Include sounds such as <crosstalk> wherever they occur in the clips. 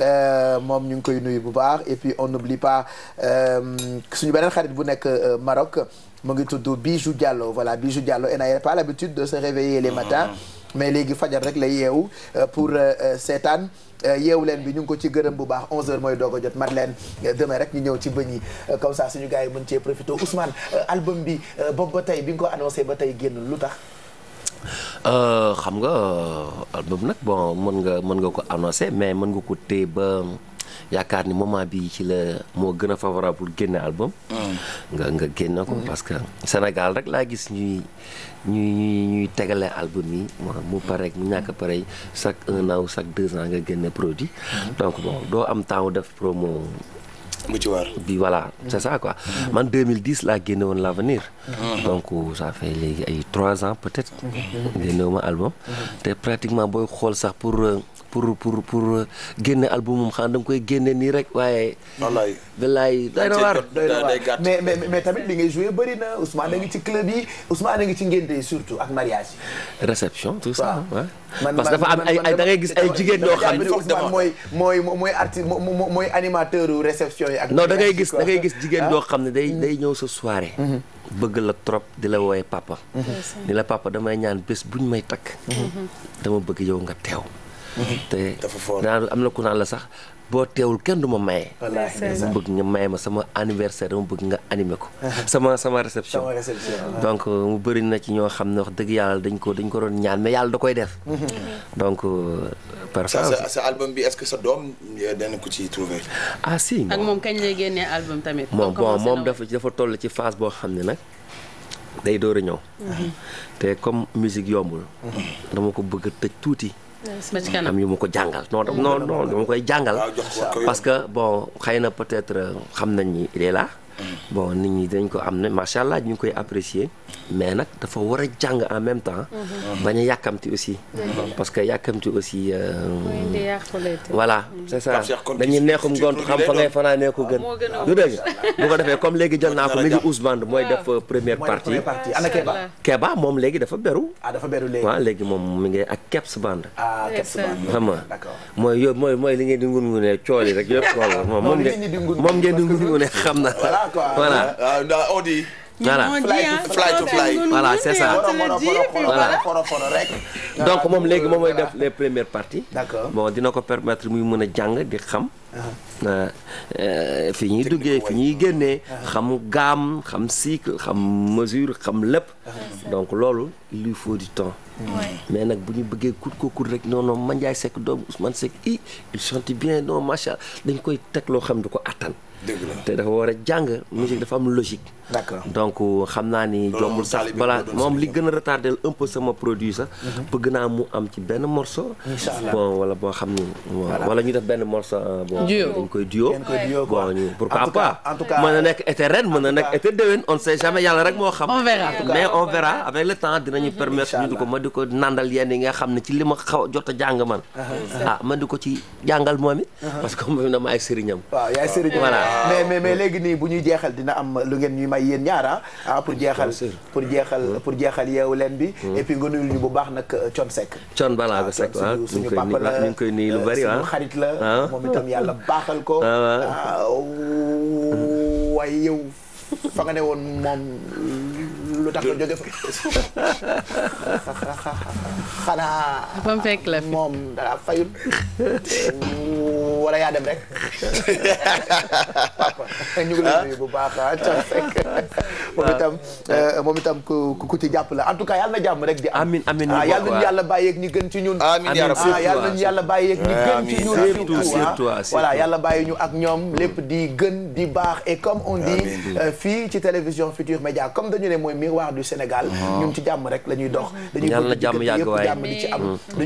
Euh, moom ñu ngi koy nuyu bu baax et puis on n'oublie pas euh, suñu beneen xarit bu nekk euh, Maroc mu ngi tudd Bijou Diallo voilà Bijou jàllo et n'a pas l'habitude de se réveiller les matins ah. mais léegi fajar rek la yeewu pour seetaan yeewu leen bi ñu ngi ko ci gërëm bu baax 11h mooy doog a jot mat leen demee rek ñu ñëw ci bëñ yi comme ça suñu gars yi mën cee profité Ousmane album bi boobu ba tey bi nga ko annoncé ba tey génn lu tax. Euh, xam nga euh, album nag bon mën nga mën nga ko annoncé mais mën nga ko téye ba yaakaar ni moment bi ci la moo gën a favorable génne album. Mm. nga nga génne ko mm. parce que Sénégal rek laa gis ñuy ñuy ñuy ñuy tegale album yi mu pare mu ñàkk pare chaque un an ou chaque deux ans nga génne produit. Mm. donc bon doo am temps def promo. mu ci waar bi voilà c'est ça quoi. man 2010 laa génne l'avenir. donc ça fait léegi ay trois ans peut-être. Mm-hmm. génne album. Mm-hmm. te pratiquement booy xool sax pour. Euh, pour pour pour euh, génne albumum xanaa da nga koy nii rek waaye. wallaay wallaay doy na mais mais tamit li ngay na Ousmane a ngi a ngi ci ngénte surtout ak mariage yi. réception tout ça parce dafa am ay da ngay gis ay jigéen ñoo xam. Ousmane mooy mooy mooy artiste mooy animateur réception yi ak. non da ngay gis da ngay gis jigéen ñoo ah? xam ne day mm-hmm. day ñëw sa soirée. Mm-hmm. bëgg la trop di la wooye papa. Mm-hmm. ni la papa damay ñaan bés buñ may takk. dama bëgg yow nga teew. te naa am na ku naan la sax boo teewul kenn du ma maye. ma bëgg nga maye ma sama anniversaire dama bëgg nga animé ko. <laughs> sama sama réception donc euh, mu bëri na ci ñoo xam ne wax dëgg yàlla dañ ko dañ ko doon ñaan ma yàlla da koy def. <laughs> donc euh, par sa sa album bi est-ce que sa doom dana euh, ko ci trouver. Ah, si ak moom kañ lay génnee album moom bon moom dafa dafa toll ci phase boo xam ne nag. day door a ñëw. Mhm. te comme musique yombul. Mhm. dama ko bëgg tëj tuuti. am yu ma ko jàngal non non non dama koy jàngal ah, parce que bon xëy na peut-être euh, xam nañ ni il bon nit ñi dañ ko am ne macha allah ñu ngi koy apprécier mais nag dafa war a jàng en même temps. Mhm. bañ a yàkkamti aussi. parce que yàkkamti aussi. Euh, voilà mhm. c'est ça dañuy neexum gont xam fa ngay fanaanee ko gën. du dëgg <laughs> bu ko defee comme léegi jël naa ko mi ngi Ousmane euh, mooy def première partie. ana Keba moom léegi dafa beru. ah dafa beru léegi waaw léegi moom mi ngi ak Keps Band. ah mooy yow mooy mooy li ngeen di ngun ngunee cool yi rek yëpp. moom ngeen di ngun ngunee xam na. ça quoi. voilà euh, on dit. voilà fly to fly voilà c'est ça. voilà donc moom léegi moom mooy def les premières parties. d'accord bon dina ko permettre muy mën a jàng di xam. Uh-huh. Euh, euh, fi ñuy duggee fi ñuy génnee. Uh-huh. xam gaam xam cycle xam mesure xam lépp. Uh-huh. donc loolu il lui faut du temps. mais nag bu ñu bëggee kut ko kut rek non non Mandiaye Seck doomu Ousmane Seck i il chante bien non macha dañ koy teg loo xam du ko attan. te dafa war a jàng musique dafa am logique donc xam naa ni jombul sax balaa moom li gën a retardé un peu sama produit sax mhm. bëgg naa mu am ci benn morceau bon wala boo xam ni wala ñu def benn morceau euh, boo dañ koy duo bon ñu pourquoi pas mën na nekk été ren mën na nekk été déwén on sait jamais yàlla rek moo xam mais on verra avec le temps dinañu mhm. permettre ñu di ko ma di ko nandal yenn yi nga xam ne ci li ma xaw a jot a jàng man uh-huh. ah ma di ko ci jàngal moom it uh-huh. parce que moom dama ay sëriñam voilà mais mais mais léegi nii bu ñuy jeexal dina am lu ngeen ñuy may yéen ñaar ah, ah, ah pour jeexal pour mm. jeexal pour jeexal yeewu leen bi mm. et puis nga nuyul ñu bu baax nag euh, Thione Seck Thione Ballago ah, Seck suñu papa la ñu ngi koy nii lu euh, bari suñu xarit la moom itam yàlla baaxal ko waaye yow fa nga ne woon moom lu tax nga jóge fa. xanaa. ba mu fekk la moom dara fayul. wala yaa dem rek. papa ñu ngi lay ah. nuyu bu baax ah ca fekk. moom ah. itam euh, moom itam ku ku jàpp la en tout cas yàlla na jàmm rek di. amiin amiin ah, ñu yàlla nañu yàlla bàyyeeg ñi gën ci ñun. amiin yàlla nañu yàlla bàyyeeg ñi gën ci ñun. surtout yàlla bàyyi ñu ak ñoom lépp di gën di baax et comme on dit euh, fii ci télévision Futur Média comme dañu ne mooy. miroir du Sénégal ah. ñun ci jàmm rek la ñuy dox mm-hmm. dañuy bëgg jàmm yàgg waaye mm-hmm.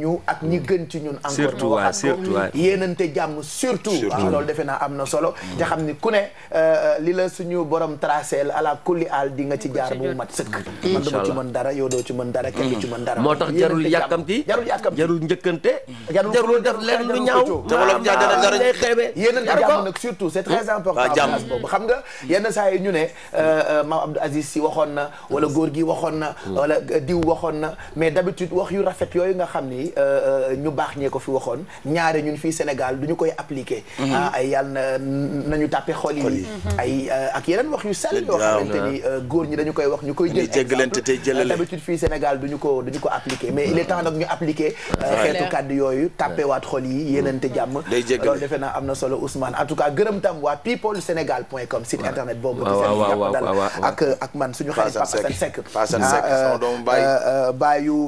ñu ak ñi gën ci ñun encore ma waxaat ko yéenante jàmm surtout waaw ah, loolu defe naa am na solo mm-hmm. te xam ni ku ne euh, euh, li la suñu borom tracé ala kulli al di nga ci jaar bu mu mat sëkk man dama ci mën dara yow doo ci mën dara kenn moo tax jarul yàkkamti jarul yàkkamti jarul njëkkante jarul def leen lu ñaaw yéenante jàmm nag surtout c'est très important boobu xam nga yenn saa yi ñu ne euh, Euh, maam Abdou Aziz si waxoon na wala góor gi waxoon na mm. wala euh, diw waxoon na mais d'habitude wax yu rafet yooyu nga xam ni euh, ñu baax ñee ko fi waxoon ñaare ñun fii Sénégal du ñu koy appliquer mm-hmm. ah, ay yal na nañu tàppe xol yi mm-hmm. ay ak yeneen wax yu sell yoo xamante ñi dañu koy wax ñu koy jël jéggalante tey jëlale d'habitude fii Sénégal duñu ko duñu ko appliquer mais il est temps nag ñu appliquer xeetu kàddu yooyu tàppewaat xol yi yéenante jàmm loolu defe naa am na solo Ousmane en tout cas gërëm tam waa people sénégal point com site internet boobu ak ak man suñu xarit Papa Sane Seck Papa Sane Seck sama ah, euh, doomu baay euh, euh, baayu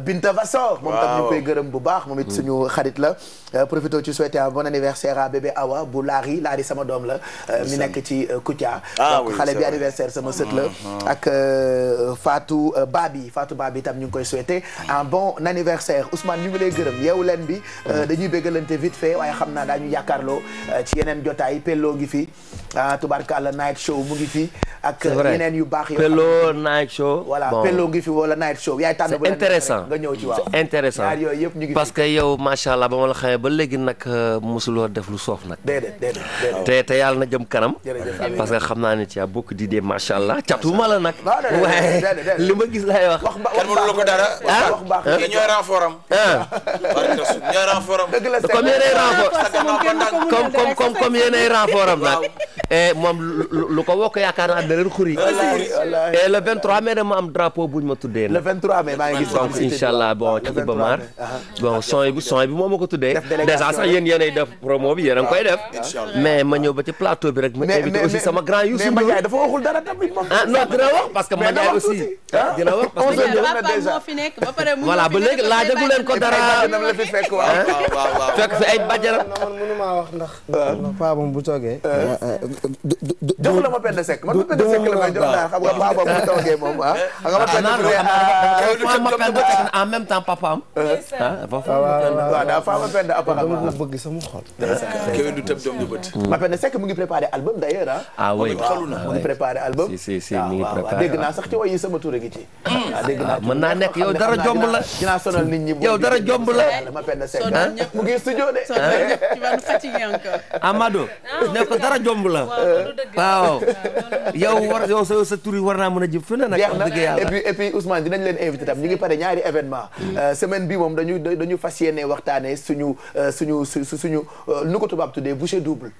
Binta Vassor moom tam ñu koy gërëm bu baax moom it mm. suñu xarit la profité ci souhaiter un bon anniversaire à bébé Awa bu Laari Laari sama doom la mi nekk ci Kouthia ah donc xale bi anniversaire sama sët la mm-hmm. Mm-hmm. ak Fatou Babi Fatou Babi tam ñu ngi koy souhaiter un bon anniversaire Ousmane ñu ngi lay gërëm yeewu leen bi mm. dañuy béggalante vite fait waaye xam naa daañu yaakaarloo ci yeneen jotaay pelloo ngi fi ah tubaarkàlla night show mu ngi fi. ak yeneen yu baax yoo xam ne Pello night show. voilà ngi fi wala night show. yaay la ñëw ci waaw intéressant yooyu yëpp ñu ngi parce que yow macha allah ba ma la xamee ba léegi nag euh, mosuloo def lu soof nag. déedéet te te yàlla na jëm kanam. parce que xam naa ne ci yaa bokk di dee macha allah catuma la nag. waaye <laughs> li ma gis laay wax. wax ba wax baax ko dara. wax ah? baax kii ñooy renfort am. Ah. ñooy renfort am. dëgg la comme yeneen renfort comme comme comme yeneen renfort Eh, moom lu ko wokk yaakaar naa da leen xuri et eh, le 23 mai dama bu drapeau ma tuddee le 23 mai maa ngi gis donc incha allah bon ci Iba Mar bon son bi son bi moo ma ko tuddee def promo bi yéen a ngi koy def ah, mais ma ñëw ba ci plateau bi rek ma invité aussi sama grand Youssou parce que ma aussi dina wax parce que voilà ba léegi laajagu leen ko dara fekk fi ay bàjjaram man mënuma wax ndax ah. paa moom bu toogee ah. jox la ma Penda Seck man ma Penda Seck la may jox naa xam nga papa bu toogee moom ah. ah en même temps papaam. Euh. Ah, ah, waaw daa faa ma Penda ah, apparemment. dama ko bëgg sama xol. kii du tëb doom ju bët. Mm. ma Penda Seck mu ngi préparé album d' ailleurs ah. oui mu ngi préparé album. si si si mi ngi préparé dégg naa sax ci woy yi sama tur a ngi ci. Mm. dégg naa mën naa nekk yow dara jomb la. dinaa sonal nit ñi yow dara jomb la. ma Penda Seck mu ngi studio de. <laughs> Amadou ne ko dara jomb la waaw yow war yow sa sa tur yi war naa mën a jëm fu ne nag. dëgg yàlla et puis et puis Ousmane dinañ leen invité tam ñu ngi pare ñaari événement mm. euh, semaine bi moom dañu dañu fas yéene waxtaanee suñu euh, suñu suñu euh, nu ko tubaab tuddee bouchée double.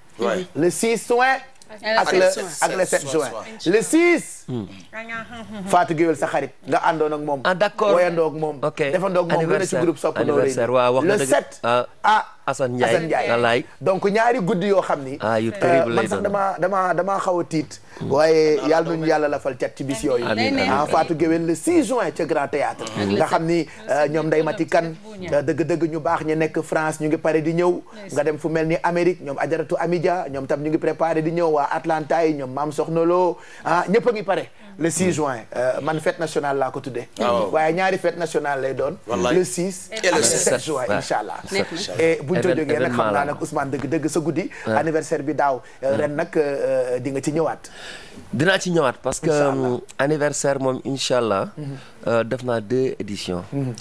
le 6 juin. ak le ak le 7 juin le 6. Mm. Fatou Guewel sa xarit nga àndoon ak moom. ah d'accord woyandoo ak moom. ok defandoo ak groupe soppandoo le 7. Ah, ah Assane Ndiaye donc ñaari guddi yoo xam ni. ah yu euh, terrible man sax damaa xaw tiit. waaye yàlla nañu yàlla lafal cat ci bis yooyu. amiin ah Fatou Guewel le 6 juin ca Grand Théâtre nga xam ni euh, ñoom Ndeye Mati euh, dëgg-dëgg ñu baax ñu nekk France ñu ngi pare di ñëw. nga dem fu mel ni Amérique ñoom Ajaratu Amidia ñoom tam ñu ngi préparé di ñëw waa Atlanta yi ñoom Maam Soxna Lo ah le 6 juin euh, man fête nationale laa ko tuddee. Ah, waaye ñaari fête nationale lay doon. le 6 et le 7 juin incha allah. et buñ ko jógee nag xam naa nag Ousmane dëgg dëgg sa guddi. anniversaire bi daaw euh, ren nag euh, di nga ci ñëwaat. dinaa ci ñëwaat parce que anniversaire moom incha allah. Mhm. def naa deux éditions. Mhm.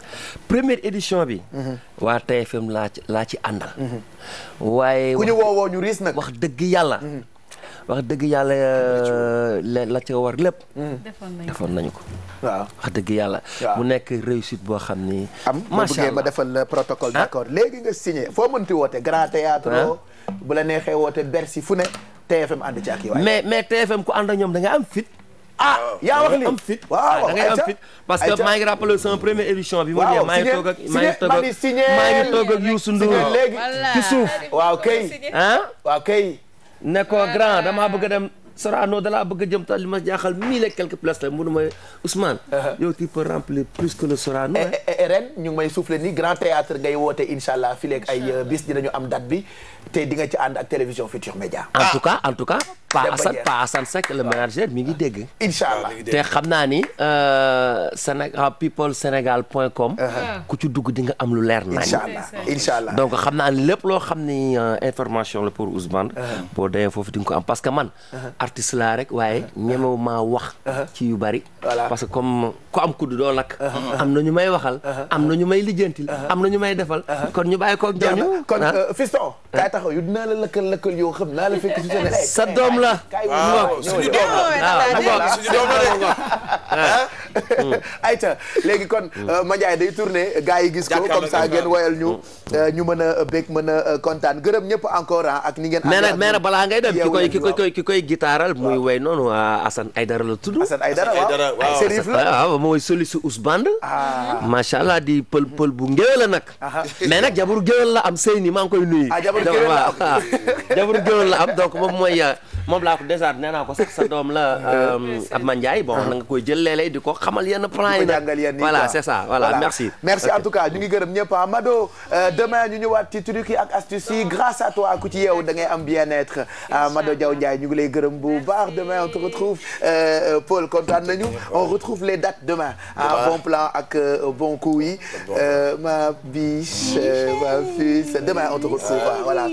première édition bi. Mhm. waa TFM laa ci laa ci àndal. waaye ku ñu woowoo ñu riis nag wax dëgg yàlla. wax dëgg yàlla euh, la ca war lépp. Mm. defoon nañu ko waaw wax dëgg yàlla. mu nekk réussite boo xam ni. am ma bëggee ma defal la protocole ah. d'accord léegi nga signé foo mënti woote Grand Théâtre. Ah. bu la neexee woote bersi fu ne TFM ànd ci ak yi waaye. mais mais TFM ku ànd ak ñoom da nga am fit. ah yaa wax li am fit waaw ah, da ngay am fit parce que maa ngi rappelé sama première édition bi. waaw signé maa ngi toog ak maa ngi léegi ci suuf waaw kay. ne ko grand dama bëgg dem Sorano dalaa bëgg a jëm li ma jaaxal mille et quelques la mënu ma Ousmane. Uh-huh. yow tu peux remplir plus que le Sorano. Eh, eh, eh, ren ñu ngi may soufflé ni grand théâtre ngay woote incha allah fileeg ay euh, bis dinañu am date bi te di nga ci ànd ak télévision Futur Média. en ah. tout cas en tout cas. Pa Assane Pa Assane Seck le manager mi ngi dégg. Ah, incha allah te xam naa ni euh, Sénégal ah, people sénégal point com. Uh-huh. ku ci dugg di nga am lu leer nañ. allah incha allah donc xam naa lépp loo xam ni euh, information la pour Ousmane. boo uh-huh. foofu di nga ko parce que man. artiste laa rek waaye uh-huh. ñemewu maa wax uh-huh. ci yu bari parce que comme ku am kudd doo lakk uh-huh. am na ñu may waxal am na ñu may lijjantil am na ñu may defal kon ñu bàyyi koog ñooñu kon ah. euh, fiston ah. kaay taxaw yu dinaa la lëkkal lëkkal yow xam naa la fekk su sa doom la waaw suñu doom la waaw suñu doom la ayta <laughs> léegi kon mm. euh, Mandiaye day tourné gars yi gis ko comme ça ngeen woyal ñu mm. euh, ñu mën a euh, bég mën a kontaan gërëm ñëpp encore ah, ak ni ngeen mais nag ngay dem ki koy ki koy ki koy gitaaral muy way noonu ah, Assane Aydara la tudd Assane Aydara waaw sérif la waaw soli si Ousband ah. macha allah di pël pël bu ngéwél la nag mais nag jabaru géwél la am sëy ni maa ngi koy nuyu jabaru la am donc moom mooy moom laa ko dèjà nee naa ko sa doom la <laughs> euh, euh, Abma bon ah. na nga koy jël léeg-léeg di ko xamal yenn plan yi nag voilà c'est ça voilà merci merci en tout cas ñu ngi gërëm ñëpp ah, euh, ñu ñëwaat ci trucs yi ak astuces yi grâce à toi ku ci yeewu da ngay am bien-être ah, Mado Diaw Ndiaye ñu ngi lay gërëm bu baax demain on te retrouve Paul kontaan nañu on retrouve les dates demain bon plan ak bon coup yi ma biche ma fille demain on te retrouve voilà <laughs>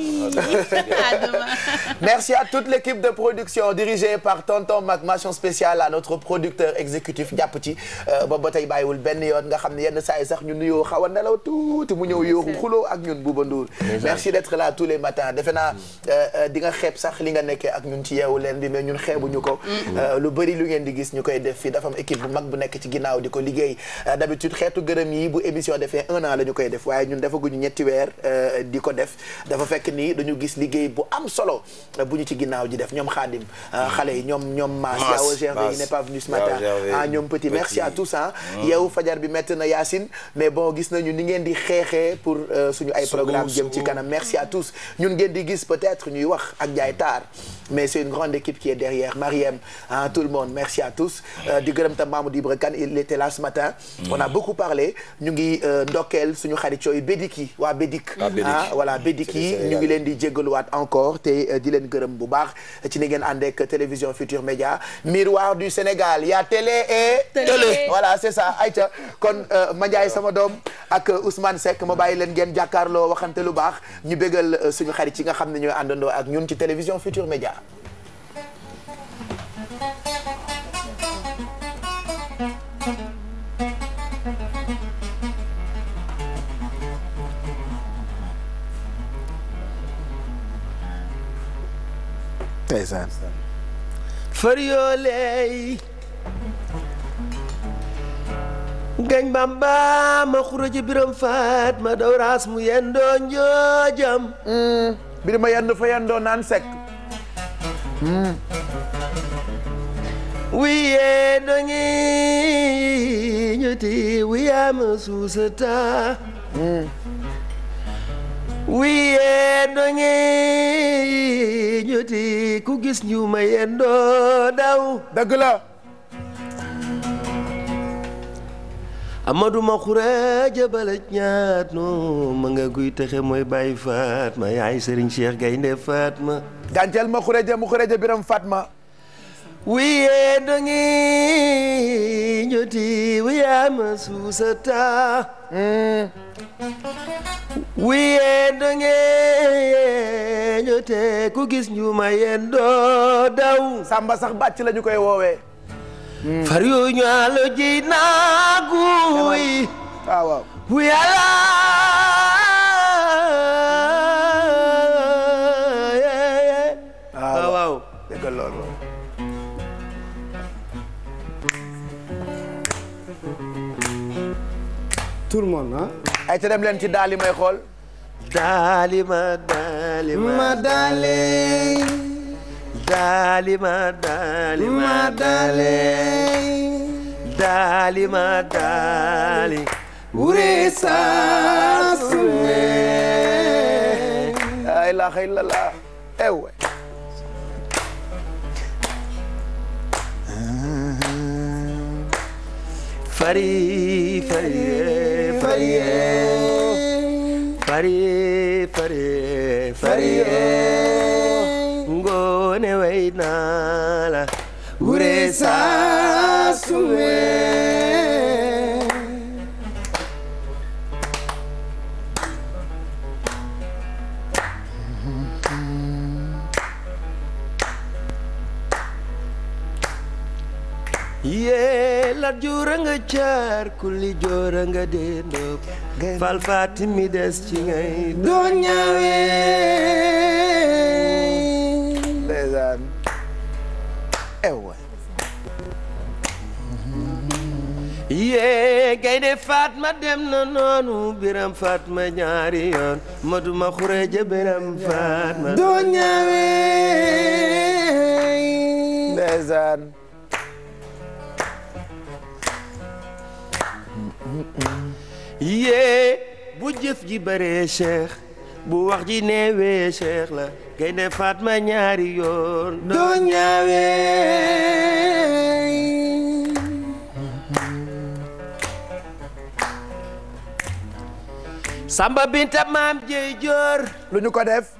merci à toute l'équipe équipe de production dirigée par tonton Mac mention spéciale à notre producteur exécutif jàpp euh, yoon nga xam ne yenn saa yi sax ñu a nelaw tuuti mu ñëw yooxu xuloo ak ñun Bouba Ndour merci d'être là tous les matins defe naa euh, euh, di nga xeeb sax li nga nekkee ak ñun ci yeewu leen bi mais ñun xeebuñu ko lu bëri lu ngeen di gis ñu koy def fii dafa am équipe bu mag bu nekk ci ginnaaw di ko liggéey d'habitude xeetu gërëm yi bu émission defee un an la ñu koy def waaye ñun defaguñu ñetti weer di ko def dafa fekk ni dañu gis liggéey bu am solo bu ñu ci ginnaaw di def ñoom Khadim xale euh, mm. yi ñoom ñoom Mass Yao Gervais il n'est pas venu ce matin ñoom ah, petit merci à tous ah mm. yow fajar bi métti na Yacine mais bon gis nañu ni ngeen di xeexee pour euh, suñu ay programme jëm ci kanam merci à tous ñun ngeen di gis peut-être ñuy wax ak jaay taar mais c'est une grande équipe qui est derrière Mariem tout le monde merci à tous euh, di gërëm tam Mamadou Ibra Kane il était là ce matin mm. on a beaucoup parlé ñu ngi ndokkeel suñu xarit yooyu Bédik yi waa Bédik ah, ah voilà Bédik yi ñu ngi leen di jégaluwaat encore te di leen gërëm bu baax ci ni ngeen ànd ak télévision Futur Média miroir du Sénégal y a télé et télé voilà c'est ça ayca kon euh, Mandiaye sama doom ak Ousmane sekk ma bàyyi leen ngeen jàkkaarloo waxante lu baax ñu bégal euh, suñu xarit yi nga xam ne ñooy àndandoo ak ñun ci télévision Futur Média ndeysaan fër yoo leey gañ bamba ma xuraji biram faat ma daw raas mu yendoo njoojam mm. biram yendu fa yendoo naan sek mm. wiye dongi ñuti wiyaama suusata mm. wiyendo ngi ñuti ku gis ñu ma yendo daw dëgg la amadou ma xura jabalaj ñaat no ma nga guy texe mooy bàyyi Fatma yaay Serigne Cheikh Gaynde Fatma gàncel ma xureja mu xureja biram Fatma wiye ndongi ma suusata mm. wiyee donge ñote ku gis ñu ma yeen doo samba sax bàcc la ñu koy woowe mm. far yu ñu alo ji naaguy ah, ah, ah, waaw waaw dégg nga loolu tout le monde ah. leen ci daal may xool. daali ma daali ma daali daali ma daali ma laa ilaaha illallaah ewe fari eh. Farie. Farie. yee lat joora nga caar kulli joora nga dee ndóob mi des ci ngay doo ñaawee ndeysaan ewa yee gaynde Fatma dem na noonu biram Fatma ñaari yoon matuma xureeja biram Fatma doo ñaawee ndeysaan yée bu jëf ji bëree cheikh bu wax ji neewee cheikh la gaynde Fatma ñaari yoon doo ñaawee samba binta maam jëy joor lu ñu ko def